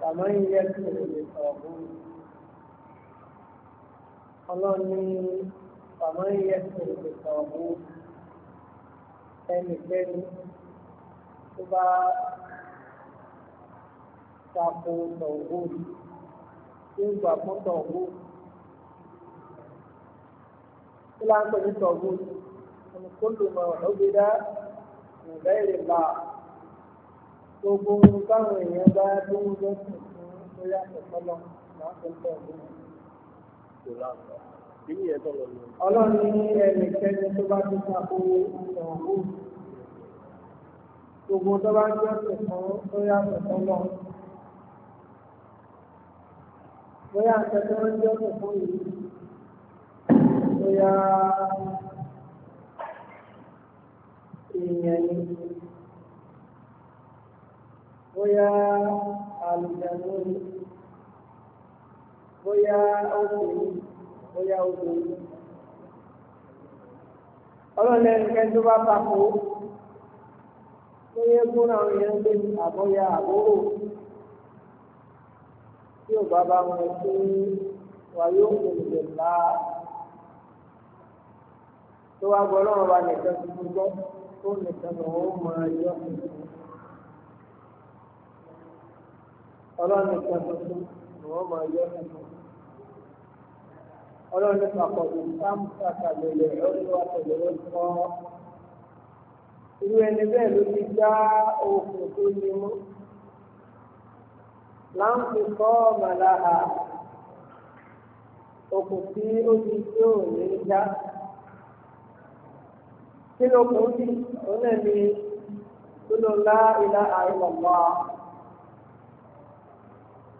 فمن يكفر بالطاغوت ọlọ́ni fàmáyé ẹ̀sìn ìgbésọ̀ọ̀bù ẹnikẹ́ni tó bá tako tọ̀wọ́ tí ó gbà fún tọ̀wọ́ tí láńpẹ̀ ní tọ̀wọ́ ọ̀nà kó lè mọ̀ ọ́ gbé dá ìgbà èrè gbogbo táwọn èèyàn bá lóun lọ́sùn fún lórí àtẹ̀kọ́lọ́ láàpẹ̀lẹ̀ ọ̀gbìn. Ọlọ́run ní ẹnikẹ́ni tó bá ti tako ìṣòro gbogbo tó bá jẹ́ ọ̀sẹ̀ fún lórí àtẹ̀kọ́lọ́. Bóyá àtẹ̀kọ́ ń jẹ́ ọ̀sẹ̀ yìí, bóyá èèyàn ni bóyá àlùjànnú bóyá obìnrin bóyá obìnrin ọlọ́lẹ̀ nǹkan tó bá papò bóyá gún àwọn èèyàn gbé àbóyá àbúrò tí ò bá bá wọn sí wà yóò kò lè bá tó wá gbọ́ lọ́wọ́ bá nìkan tuntun gbọ́ tó nìkan lọ́wọ́ máa yọ ọ́ ọlọ́run nìkan tuntun ni wọ́n máa yọ ẹ̀kọ́. ọlọ́run nípa pọ̀jù sáǹpà kàlẹ́lẹ̀ ọlọ́run àtẹ̀lẹ́wọ́ kọ́. irú ẹni bẹ́ẹ̀ ló ti já okùn tó ní mú. láǹfì kọ́ màláha okùn tí ó ti tí ò ní já. kí ló kún sí? òun náà ni kúlò lá ilá àìmọ̀mọ́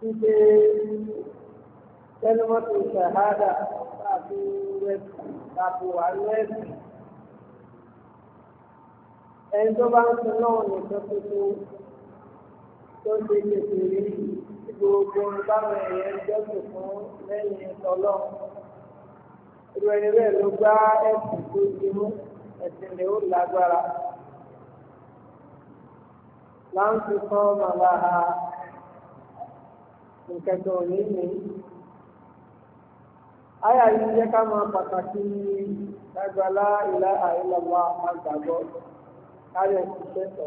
wípé tẹnumọ́tò ṣàhádà tàbí wẹ́ẹ̀sì tàbí wà lẹ́ẹ̀sì ẹni tó bá ń sin náà nìkan tuntun tó ṣe tètè rí gbogbo báwọn èèyàn jọ́sìn fún lẹ́yìn tọ́lọ́ irú ẹni bẹ́ẹ̀ ló gbá ẹ̀sìn tó ti mú ẹ̀sìn rẹ̀ ó lágbára láǹtí kan màláha nǹkan tó ní ní. Ayà yìí jẹ́ ká máa pàtàkì lágbàlá ìlà àìlọ́wọ́ àgbàgbọ́ káyọ̀ ṣiṣẹ́ sọ.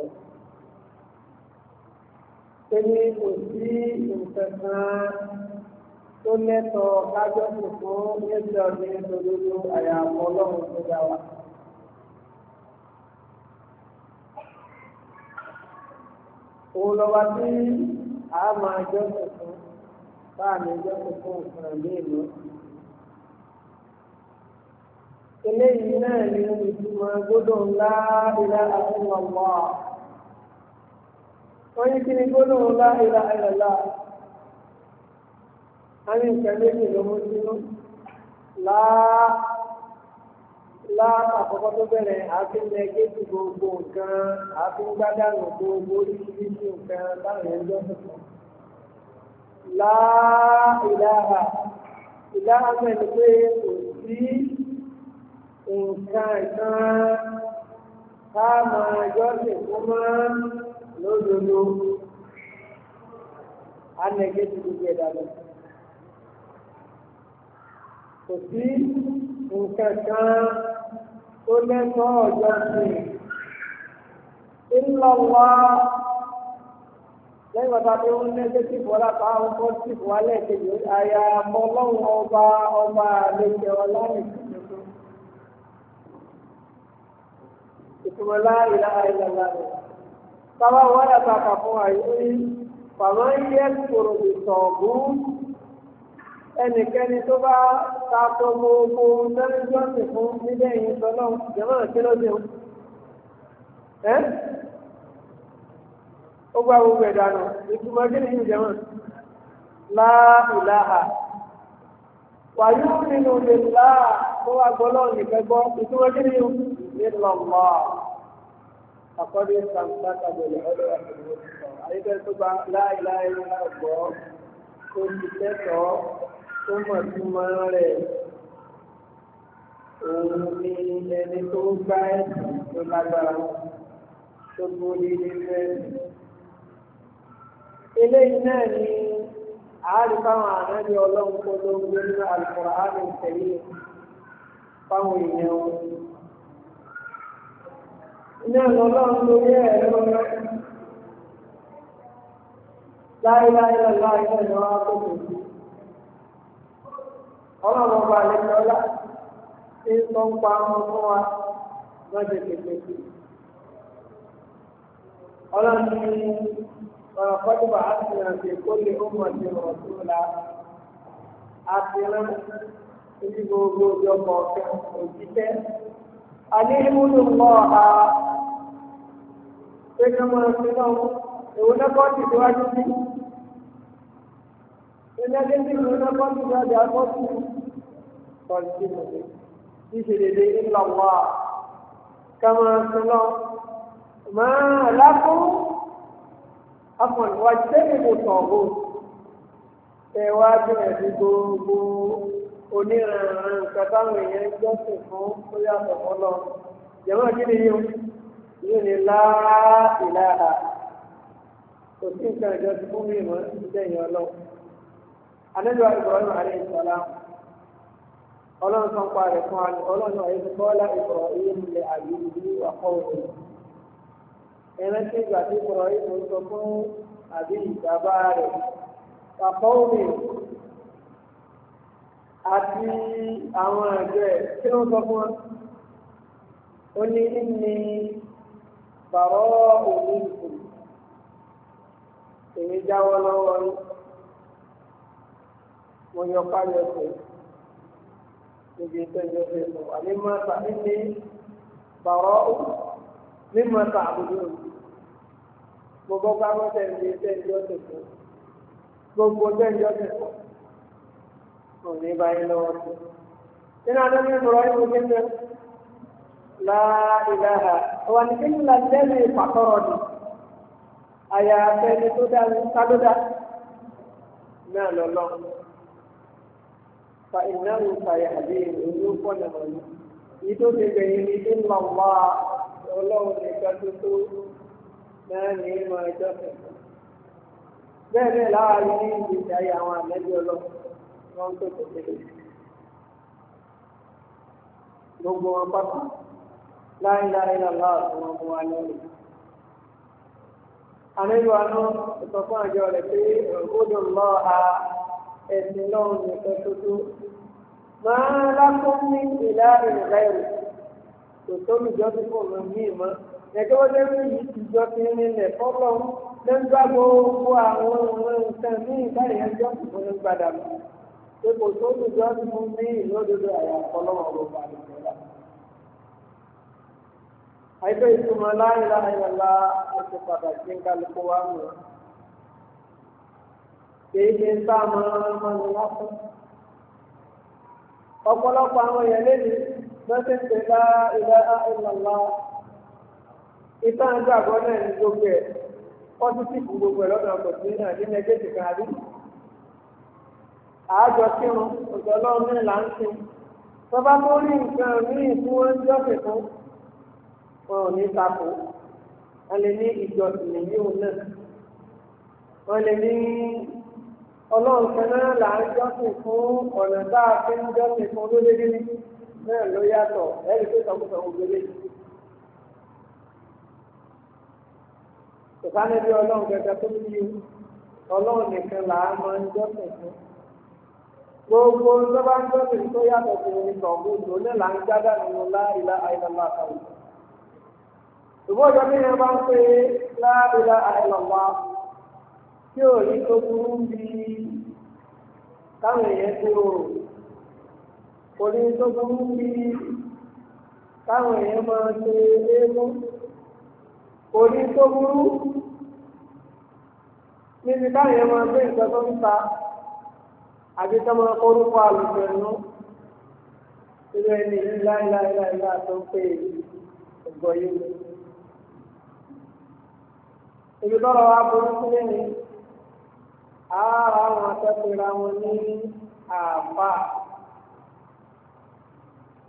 Ṣé ní kò sí nǹkan kan tó lẹ́tọ̀ọ́ kájọ́ sì fún ẹgbẹ́ ọdún ìdòdó àyàmọ́ ọlọ́run tó dá wa. Òun lọ́wọ́ tí a máa jọ́sìn bá mi jẹ́kọ̀ọ́ fún nǹkan léèlú. eléyìí náà ni ìtumọ̀ gbọ́dọ̀ ńlá ilá àfihànwá. wọ́n ní kí ni gbọ́dọ̀ ńlá ilá àyàlá. a ní nǹkan méjì ló mú sínú. láà tó bẹ̀rẹ̀ gbogbo gbogbo láìláha ìdáhà mẹ́rin pé kò sí nǹkan ìkan ká máa jọ́sìn fún mọ́ lódodo anẹ̀gẹ́ ti gbogbo ẹ̀dá lọ. Kò sí nǹkan kan tó lẹ́tọ́ ọ̀jọ́sìn ńlọ́wọ́ lẹ́yìn bàbá tó ń lẹ́sẹ̀ sí ìfọ́lá pa àwọn kan sí ìfọ́ alẹ́ kejì àyà ọlọ́run ọba ọba àlejò ọlọ́run ìtumọ̀ láàyè láàyè lálẹ́. Bàbá wọn yà kàkà fún àyè bàbá ń yẹ kúrò ìtọ̀ọ̀bù ẹnikẹ́ni tó bá ta tó gbogbo tẹ́lifíọ́sì fún nílẹ̀ yìí sọ́nà jẹ́mọ̀ kí ló dé o. ó gbá gbogbo ẹ̀dánù ìtumọ̀ kí ni yìí jẹ́ nínú lè wà gbọ́lọ́ nìkẹ́ gbọ́ ìtumọ̀ yìí àkọ́dé sàǹtàkà bẹ̀rẹ̀ ọ̀dọ́ àyíkẹ́ tó bá láìláha tó ti tẹ́tọ̀ọ́ tó òun ni ẹni tó gbá ẹ̀sìn tó lágbára tó ẹ̀sìn. eléyìí náà ni àárín fáwọn ànábì ọlọ́run kó ló ń gbé àárín ìtẹ̀lé fáwọn èèyàn wọn. iná lọ́lọ́run ló yẹ ẹ̀rọ láéláé láéláé lẹ́nu wá tó kù sí. ọlọ́run ọba àlejò ọlá ti ń sọ ń pa ọmọ fún wa lọ́jọ́ ọlọ́run ní ولقد بعثنا في كل أمة رسولا أخيرا ní gbogbo ọjọ́ kọ̀ọ̀kan òjíṣẹ́. Adéhùnú mọ́ ọ̀ha pé kí wọ́n ti náà èwo lọ́kọ́ ti síwájú sí. Ìjọba ti ìlú lọ́kọ́ ti síwájú àkọ́kù kọ̀ọ̀tì mọ̀lẹ́. afọ̀n wa jẹ́bi mo tàn o ẹ wá bẹ̀rẹ̀ sí gbogbo oníranran nǹkan táwọn èèyàn ń fún ó kí ni yín yín ni láàbìláà kò sí nǹkan ìjọ ti fún mi mọ́ ìdẹ́yìn ọlọ́run àrẹ ọlọ́run fún ọlọ́run àyè ìlú àkọ́wé ìrántí ìgbà tí kọ̀rọ̀ ìbò sọ fún àbí ìjàmbá rẹ̀ pàpọ̀ omi àti àwọn àjọ ẹ̀ tí wọ́n sọ fún wọn. ó ní ní bàbá òní ìkù èmi jáwọ́ lọ́wọ́ yìí mo yọ káyọ̀ ẹ̀sẹ̀ níbi ìtọ́jú ẹ̀sẹ̀ àlẹ́ máa tàbí ní bàbá òní mímọ ta àbúrò òbí gbogbo gbàgbọ́ tẹ̀lé tẹ̀lé ọ̀sẹ̀ tó gbogbo tẹ̀lé ọ̀sẹ̀ tó òní báyìí lọ́wọ́ tó. nínú àdéhùn ìmọ̀ràn ìwé kíkẹ́ láìláha ọ̀wà ní kíkẹ́ la lẹ́nu ìpàkọ́rọ̀ ni àyà àfẹ́ni tó dá sádódá náà lọ́lọ́ fa ìnáwó fàyà àdéhùn ìlú fọ́nà wọ̀nyí. ìdó ti gbẹ̀yìn ní ìlú lọ́wọ́ ọlọ́run nìkan tó tó náà ní ìmọ̀ ẹjọ́ kẹ̀kọ́. bẹ́ẹ̀ bẹ́ẹ̀ láàárín ní ìgbésí ayé àwọn àmẹ́bí ọlọ́run wọ́n ń pèsè sílẹ̀. gbogbo wọn pátá láìláì lọ́la ọ̀sán wọn mú wa lọ́rùn. àmẹ́bí wa náà sọ fún àjọ rẹ̀ pé ògbódò lọ́ha ẹ̀sìn lọ́run nìkan tó tó máa lákún ní ìlà ìrìnlẹ́rìn. kò tó lùjọ́ sí fún ọmọ mi mọ́ ẹgbẹ́ wọ́n jẹ́ pé yìí ti jọ fi rinlẹ̀ fọ́lọ́ lẹ́gbà nǹkan ní ìbáyẹn jọ́ sí fún ní pé kò fún mi lódodo àyà àìpé ìtumọ̀ pàtàkì ń kálukú wa mọ̀ a máa ń mọ̀ ní lásán ọ̀pọ̀lọpọ̀ àwọn èèyàn lọ́sẹ̀ ń bá ilẹ̀ ìlànà ìta ń gbàgbọ́ náà ní gbogbo ẹ̀ pọ́sítìfù gbogbo ẹ̀ lọ́dọ̀ ọkọ̀ sí náà ní nẹ́gẹ́tì kan àbí. àájọ kírun ọ̀dọ́ ọlọ́run náà là ń sin tọ́ba tó rí nǹkan míì tí wọ́n ń jọ́sìn fún wọn ò ní takò wọn lè ní ìjọsìn nìyí òun náà wọn lè ní ọlọ́run kan náà là ń jọ́sìn fún ọ̀nà tá a fi ń jọ́sìn fún lóde náà ló yàtọ̀ ẹ̀rí pé sọ̀kúsọ̀ ògbélé. Ìfáàní bí ọlọ́run kẹta tó ti yú, ọlọ́run nìkan là máa ń jọ́sìn fún. Gbogbo tó ń jọ́sìn tó yàtọ̀ sí ní sọ̀kúsọ̀ là ń nínú láìlá àìlọ́lá àtàwọn. ọjọ́ bí bá ń pè é àìlọ́lá tí ò ní tó burú èèyàn rò rò. kò ní tó burú bí táwọn èèyàn máa ṣe eégún kò ní tó burú níbi táwọn èèyàn máa gbé nǹkan tó ń ta àbí tó máa kórúkọ àlùfẹ̀ẹ́nu irú ẹni yìí láéláéláéláà tó ń pè é ọgbọ́n yìí lọ. ibi tọ́rọ wa burú sílé ni àárọ̀ àwọn akẹ́kọ̀ọ́ ra wọn ní àáfàá.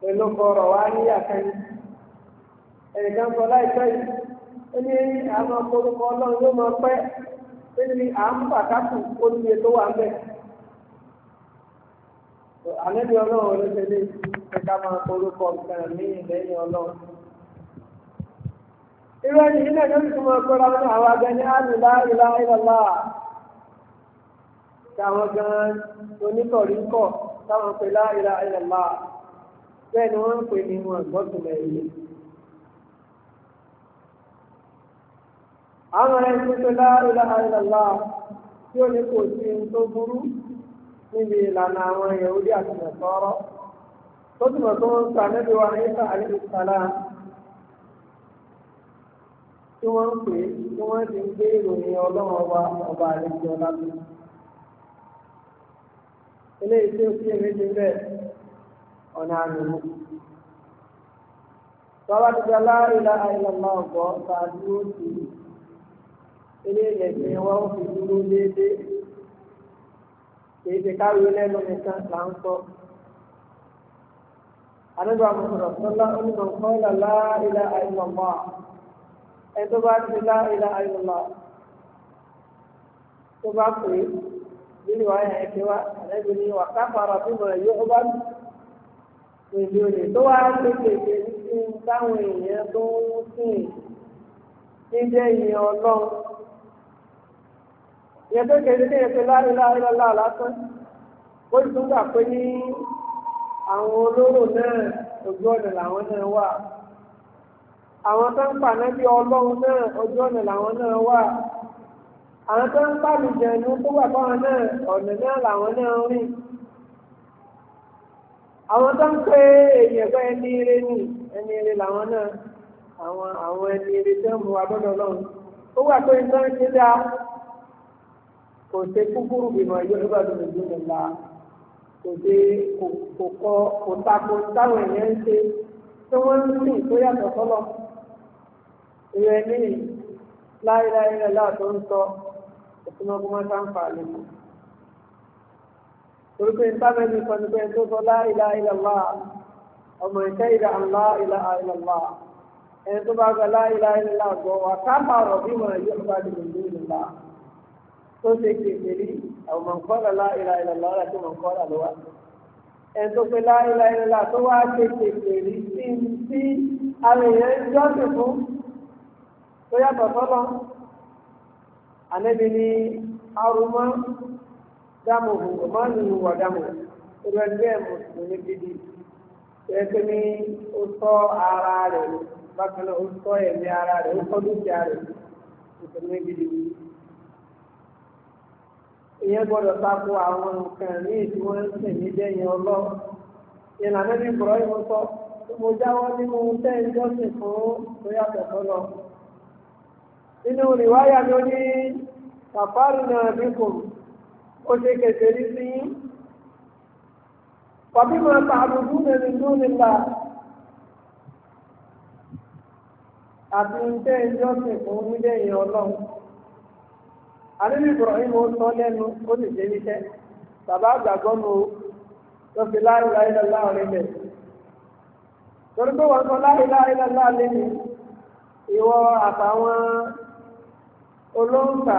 pẹ̀lú ọ̀rọ̀ wa ní àkànní ẹnìkan sọ láìpẹ́ yìí ó ní àwọn akórúkọ ọlọ́run ló máa pẹ́ ó ní à ń pàtàkì oníye tó wà mẹ́ àlẹ́bí ọlọ́run ló tẹ̀lé ẹ̀ka máa korúkọ nǹkan ní ìlẹ́yìn ọlọ́run irú ẹni ilé ìjọba tó máa kóra ní àwọn agẹni àmìlá ìlà ìlàlá táwọn gan onítọ̀rí kọ̀ táwọn pè ìlà ìlàlá. bẹ́ẹ̀ ni wọ́n ń pè ní wọn àgbọ́tùmẹ̀ yìí. àwọn ẹni tó ṣe láìlá àìlàlá tí ó ní kò sí ohun tó burú níbi ìlànà àwọn Yahudi àti Nàsárà tó túmọ̀ tó ń ta níbi wa ní ìta àlejò tí wọ́n ń pè tí wọ́n ti ń gbé ìròyìn ọlọ́run ọba ọba àlejò ọlá tó. eléyìí tí ó èmi ti bẹ́ẹ̀. ọ̀nà àmìmú. Bàbá ti gba láàrínlá àìlọ́mọ ọ̀gbọ́ ta dúró sí ilé ìlẹ̀sìn wa ó fi dúró déédéé. Kìí ṣe káwé lẹ́nu nìkan là ń sọ. Àdúgbò àmọ̀sọ̀rọ̀ sọ́lá onímọ̀ kọ́lá láàrínlá àìlọ́mọ ẹni tó bá ti láàrínlá àìlọ́mọ tó bá pè é nínú àyà ẹ̀kẹ́ wa àlẹ́ mi ni wà káfàrà tó mọ̀ ẹ̀yọ́ ọba mi ìjòyè tó wá kékeré nínú táwọn èèyàn tó ń sìn níjẹ́ ìyẹn ọlọ́run ìyẹn tó kéde kéde pé láàrin láàrin lọ́la lásán ó sì tún gbà pé ní àwọn olóró náà ojú ọ̀nà làwọn náà wà àwọn tó ń pàná bí ọlọ́run náà ojú ọ̀nà làwọn náà wà àwọn tó ń pàlùjẹ̀nu tó wà fáwọn náà ọ̀nà náà làwọn náà ń rìn àwọn tó ń pé èèyàn pé ẹni eré ni ẹni eré làwọn náà àwọn àwọn ẹni eré tó ń mú wa gbọ́dọ̀ lọ́hùn ó wà pé nǹkan ń ṣe dáa kò ṣe kúkúrú bímọ yóò ló bá dùn ní ìlú ńlá kò ṣe kò kọ kò tako táwọn èèyàn ń ṣe tí wọ́n ń sìn tó yàtọ̀ sọ́lọ̀ ìrọ̀ ẹni láéláé rẹ̀ láàtọ̀ ń sọ ìtumọ̀kúmọ́ sáǹfà lẹ́kọ̀ọ́ torípé ìtàmẹ́bí kan ní pé tó sọ láìlá ìlàlá ọmọ ìtẹ́ ìlà ńlá ìlà ìlàlá ẹni tó bá gba láìlá ìlàlá gbọ́ wà kápá ọ̀rọ̀ bí wọn yóò bá di lòlú ìlàlá tó ṣe kékeré àwọn mọ̀nkọ́lá láìlá ìlàlá rẹ̀ tó mọ̀nkọ́lá ló wà. ẹni tó pe láìlá ìlàlá tó wá ṣe kékeré sí sí àwọn èèyàn jọ́sìn fún tó yàtọ̀ sọ́lọ́ àlẹ́bí ni arúmọ́ dámòhù ọmọnìyàn wà dámòhù irú ẹgbẹ́ mùsùlùmí gidi ẹgbẹ́ ní ó sọ ara rẹ̀ bákan náà ó sọ ẹ̀mí ara rẹ̀ ó sọ dúkìá rẹ̀ mùsùlùmí gidi ìyẹn gbọ́dọ̀ tako àwọn nǹkan ní ìdí wọn ní dẹ́yìn ọlọ́ ìlànà sọ mo jáwọ́ nínú jọ́sìn fún tó yàtọ̀ nínú rìwáyà ló ní náà bí kò ó ṣe kẹsẹ̀ rí sí yín wàbí máa ta àbùkù mẹ́rin tó nípa àti ǹjẹ́ ẹjọ́ sì fún nílẹ̀ yẹn ọlọ́run àdébí Ibrahim ó sọ lẹ́nu ó sì ṣe níṣẹ́ bàbá àgbàgbọ́ mu tó fi láì láì lọ́la ọ̀rẹ́ bẹ̀ torí pé wọ́n sọ láì láì lọ́la lẹ́nu ìwọ àtàwọn olóńgbà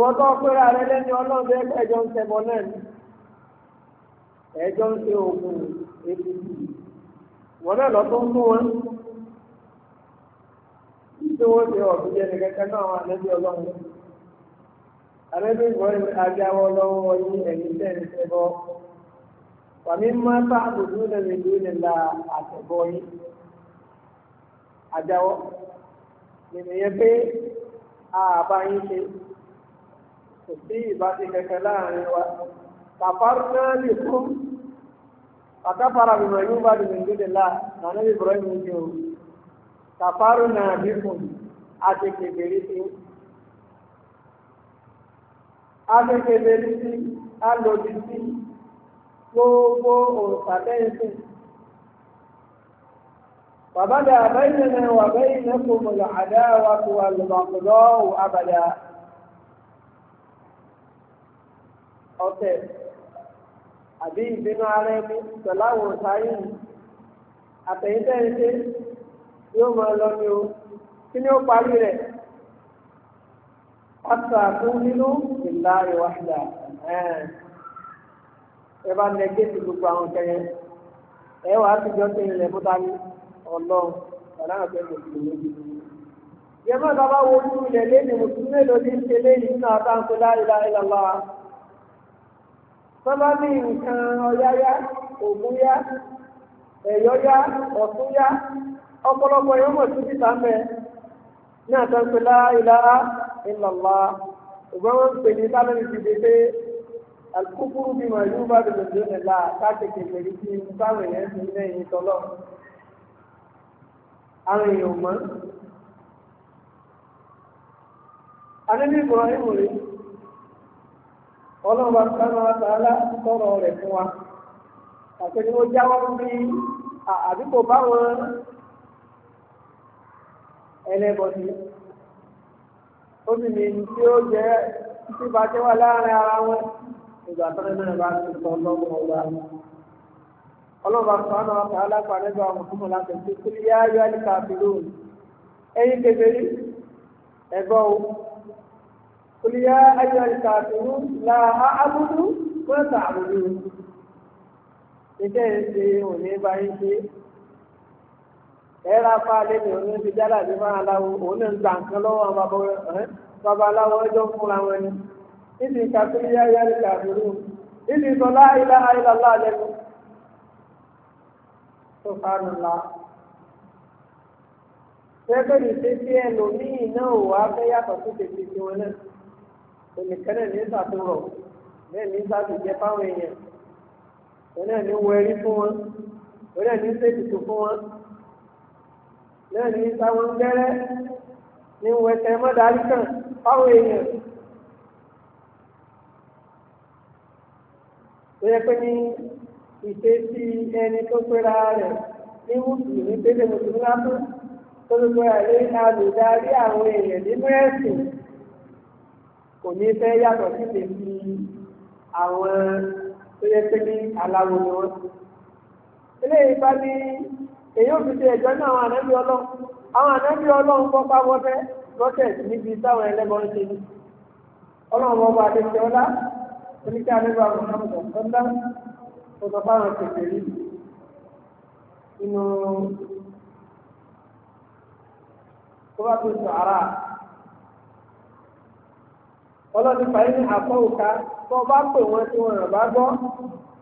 wọ́n tó pẹ́ra rẹ lẹ́ni ọlọ́ọ̀dẹ ẹjọ́ ń tẹ̀bọ̀ náà ẹjọ́ ń ṣe òògùn apc wọ́n náà lọ ń fún wọn tí wọ́n ṣe ọ̀tún jẹ́ ní náà wọn àlẹ́bí ọlọ́run ẹ̀yìn wàmí bá àbùkù lẹ́nu ìlú nílà yìí nìyẹn pé ṣe. kò sí ìbáṣe kẹkẹ láàrin wa kàfárúná lè fún àtàfàrà bìbọ̀ yóò bá dùn ní ìdílá nàánú bìbọ̀ yóò ní o kàfárúná lè fún àti kèbèrè sí àti kèbèrè sí alòdì sí gbogbo òrùka lẹ́yìn sí. فبدا بيننا وبينكم العداوة والبغضاء أبدا ọ̀tẹ̀ àbí ìbínú ara ẹni pẹ̀lú àwọn ọ̀táyé yìí àtẹ̀yìntẹ́ ṣe yóò máa lọ ní o kí ni ó parí rẹ̀ ọ̀tọ̀ àtún nínú ìlà ìwàdà ẹ bá nẹgẹ́tì gbogbo àwọn kẹyẹ ẹ wàá ti jọ sí ilẹ̀ fúta ní ọlọ́run pẹ̀lú àwọn kẹyẹ kò lójú. yẹ́n mọ́ ta bá wo ojú ilẹ̀ lẹ́yìn mùsùlùmí lòdì ń ṣe lẹ́yìn nínú àtàǹkó láìláìlá wa sábà ní nǹkan ọ̀yáyá ògúnyá ẹ̀yọ́yá ọ̀túnyá ọ̀pọ̀lọpọ̀ yóò mọ̀ síbi tá mẹ́ ní àtàǹpé láìlá ìlàlá ìgbọ́n wọn ń pè ní sálẹ́rì ti dé pé alukukuru bí wọn yóò bá dùn lójú nílá káàkiri kèkèrè kí n báwọn èèyàn ti ní ẹ̀yìn tọ́lọ́ àwọn èèyàn mọ́. Adébí Ibrahim rèé. ọlọ́run bá àtàlá sọ̀rọ̀ rẹ̀ fún wa àti ni ó jáwọ́ bí àdúgbò báwọn ẹlẹ́bọ̀dì ó sì ní tí ó jẹ́ títí bá jẹ́ wà láàrin ara wọn ìgbà tó ní náà bá ti قل يا أيها الكافرون لا أعبد ما تعبدون iṣẹ́ ìṣe òní bá ń ṣe ẹ̀rọ apá lẹ́nu òun ti jáde àti máa láwo òun náà ń gbà nǹkan lọ́wọ́ àwọn babaláwo ẹjọ́ fúnra wọn ni ìdí kàtúrú yá yá ní kàtúrú ìdí sọlá ilá ayélujára lẹ́nu tó fánù la ṣẹ́gbẹ́rì ṣe tí ẹlòmíì náà wà á fẹ́ yàtọ̀ sí tètè tiwọn náà ẹnìkan náà ní sàtúrọ̀ bẹ́ẹ̀ ní sàtúnjẹ fáwọn èèyàn òun náà ní wọ ẹrí fún wọn òun náà ní sètùtù fún wọn náà ní sáwọn gbẹ́rẹ́ ní wẹsẹ̀ mọ́dárí kan fáwọn èèyàn. tó yẹ pé ní ìṣesí ẹni tó péra rẹ̀ ní mùsùlùmí pé lè mùsùlùmí látó tó ló péra lé alùdarí àwọn èèyàn nínú ẹ̀sìn kò ní fẹ́ yàtọ̀ sí lè fi àwọn tó yẹ pé ní aláwo ni wọ́n. eléyìí bá ní èyí ò fi ṣe ẹ̀jọ́ ní àwọn ànábì ọlọ́run àwọn ànábì ọlọ́run kọ́ pa wọ́tẹ́ lọ́tẹ̀ níbi táwọn ẹlẹ́gbọ́n ṣe ní. ọlọ́run ọba àdéṣe ọlá oníkẹ́ àdébà mọ̀nàmọ̀nà ọ̀dá tó sọ fáwọn kẹfẹ́ rí inú tó bá tó sọ ara ọlọ́ni fàyè ní àpọ̀ òka tó bá pè wọ́n tí wọ́n rà bá gbọ́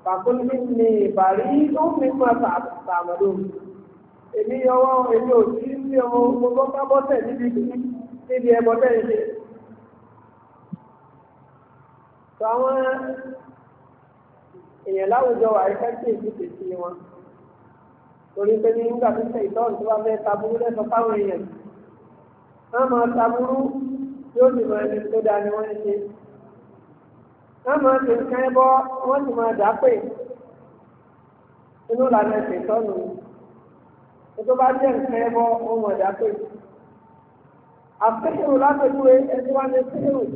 pàkólí ní ìbàrí tó fi mọ́ sàmọ́dó èmi ọwọ́ èmi ò sí ní ọmọ gbogbo pábọ́tẹ̀ níbi níbi ẹbọ tẹ̀ ṣe. tó àwọn èèyàn láwùjọ wà ní kẹ́kẹ́ ìdíje sí wọn torí pé ní nígbà tó ṣe ìtọ́jú tó bá fẹ́ taburú lẹ́sọ̀ fáwọn èèyàn wọ́n máa taburú yóò sì máa ní tó dáa ni wọ́n ń ṣe. wọ́n máa ń tẹ̀sí káyẹ́ bọ́ wọ́n sì máa dà pé inú làná ẹ̀sìn tọ́nu tó bá jẹ́ nǹkan ẹ̀ bọ́ ohun ọ̀dà pé. àfihàn lápẹ̀júwe ẹni wá ní fíhàn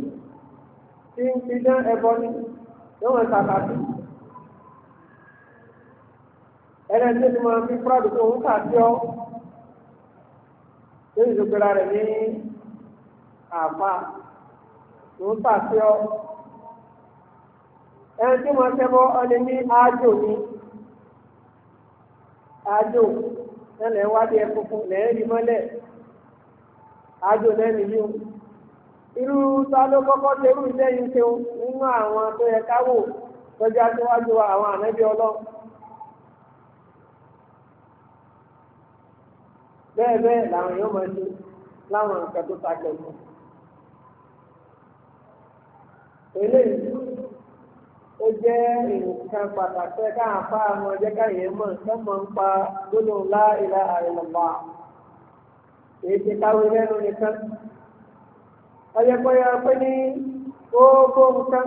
tí ń fi dán ẹbọ ni lọ́wọ́n ṣàkàtú. ẹ̀rẹ́ tí ni mo fi fúrádùn tó kà sí ọ lórí ìdókòrá rẹ̀ ní. àfa tó ń pàṣẹ ọ ẹni tí wọn ṣẹbọ ọlẹ ní ájò ní ájò ẹlẹ wádìí ẹ funfun mọ́lẹ̀ ájò lẹ́nu yìí irú ta ló kọ́kọ́ iṣẹ́ yìí ṣe nínú àwọn tó yẹ wò àwọn eléyìí ó jẹ́ nǹkan pàtàkì káà fa àwọn ọjọ́ káyẹ̀ mọ̀ sọ́mọ̀ ń pa gbólóhùn lá ilaha illallah èyí ti káwé lẹ́nu nìkan ọyẹ́pẹ́yẹ́ pé ní gbogbo nǹkan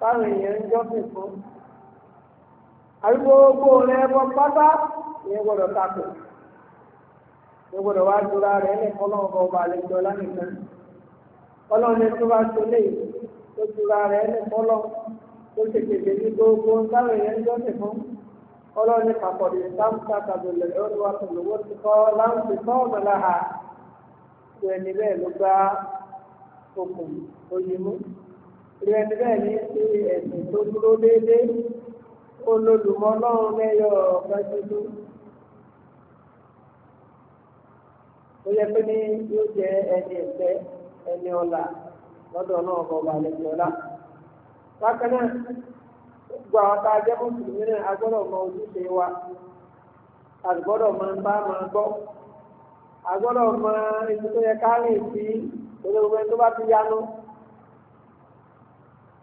táwọn èèyàn ń jọ́sìn fún àrùgbogbo rẹ̀ pátá wá ọba àlejò ní tó bá tó léyìí. tó tura rẹ̀ ẹ́ lẹ́kọ́lọ́ tó ṣe kèké ní gbogbo táwọn èèyàn jọ́ sì fún ọlọ́ọ̀ni kàkọ́dé sáńtà kàdùlẹ̀ ọ̀rọ̀ ti kọ́ láǹtì kọ́ ọ̀mọ̀láha tó ẹni bẹ́ẹ̀ ló gbá okùn mú rí ẹni bẹ́ẹ̀ ní ṣe tó dúró déédéé náà ó yẹ pé ní yóò jẹ ẹni ẹni lọ́dọ̀ náà ọba àlejò ọlá. bákan náà gbogbo àwọn tá a jẹ́ mùsùlùmí náà a gbọ́dọ̀ mọ ojúṣe wa a gbọ́dọ̀ máa ń bá máa gbọ́ a gbọ́dọ̀ mọ ibi tó yẹ ká lè fi olóògbé tó bá ti yanu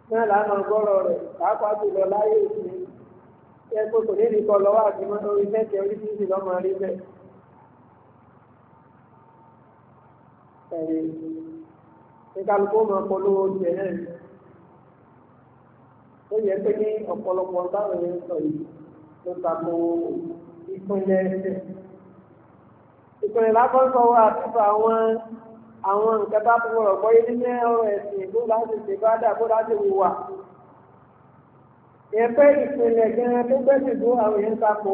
náà lánàá gbọ́rọ̀ rẹ̀ pàápàá jùlọ láyé ìsìn ẹ pé kò ní ìdíkọ lọ́wọ́ àti mọ́ orí mẹ́tẹ̀ oríṣiríṣi lọ́mọ rí bẹ́ẹ̀ kíkálukú máa polówó tiẹ̀ náà ni ó yẹ pé ní ọ̀pọ̀lọpọ̀ táwọn èèyàn sọ yìí ló tako ìpínlẹ̀ ẹ̀sẹ̀ ìpínlẹ̀ lákọ́sọ àti àwọn àwọn nǹkan bá fún ọ̀rọ̀ gbọ́yé nínú ọ̀rọ̀ ẹ̀sìn ìlú láti ṣe bá dà kó láti wùwà ìyẹn pé ìpínlẹ̀ gan tó gbẹ́sìn tó àwọn èèyàn tako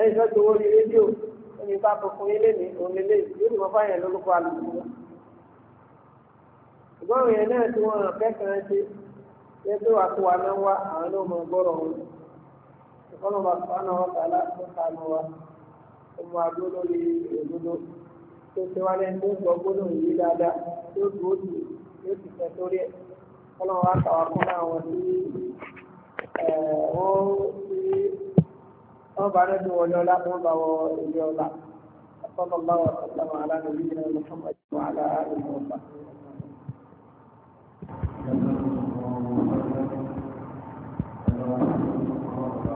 ẹ̀yìn tó ti wọ́n rí rédíò ẹni bá fọkùn yín lẹ́nu òun lélẹ́ yóò ti fọ́fá yẹn lórúkọ alùpùpù yẹn náà tí wọ́n yẹ pé wàá tó wa náà wá àwọn náà mọ gbọ́rọ̀ wọn. ìkọ́nà bá fọ́ náà kàlá tó ta wa ọmọ lórí tó ṣe wá tó yìí dáadáa tó yóò ti fẹ́ ẹ̀ wọ́n bá rẹ́ bí wọlé ọlá wọ́n bá wọ ilé ọlá صلى الله وسلم على نبينا محمد وعلى آله وصحبه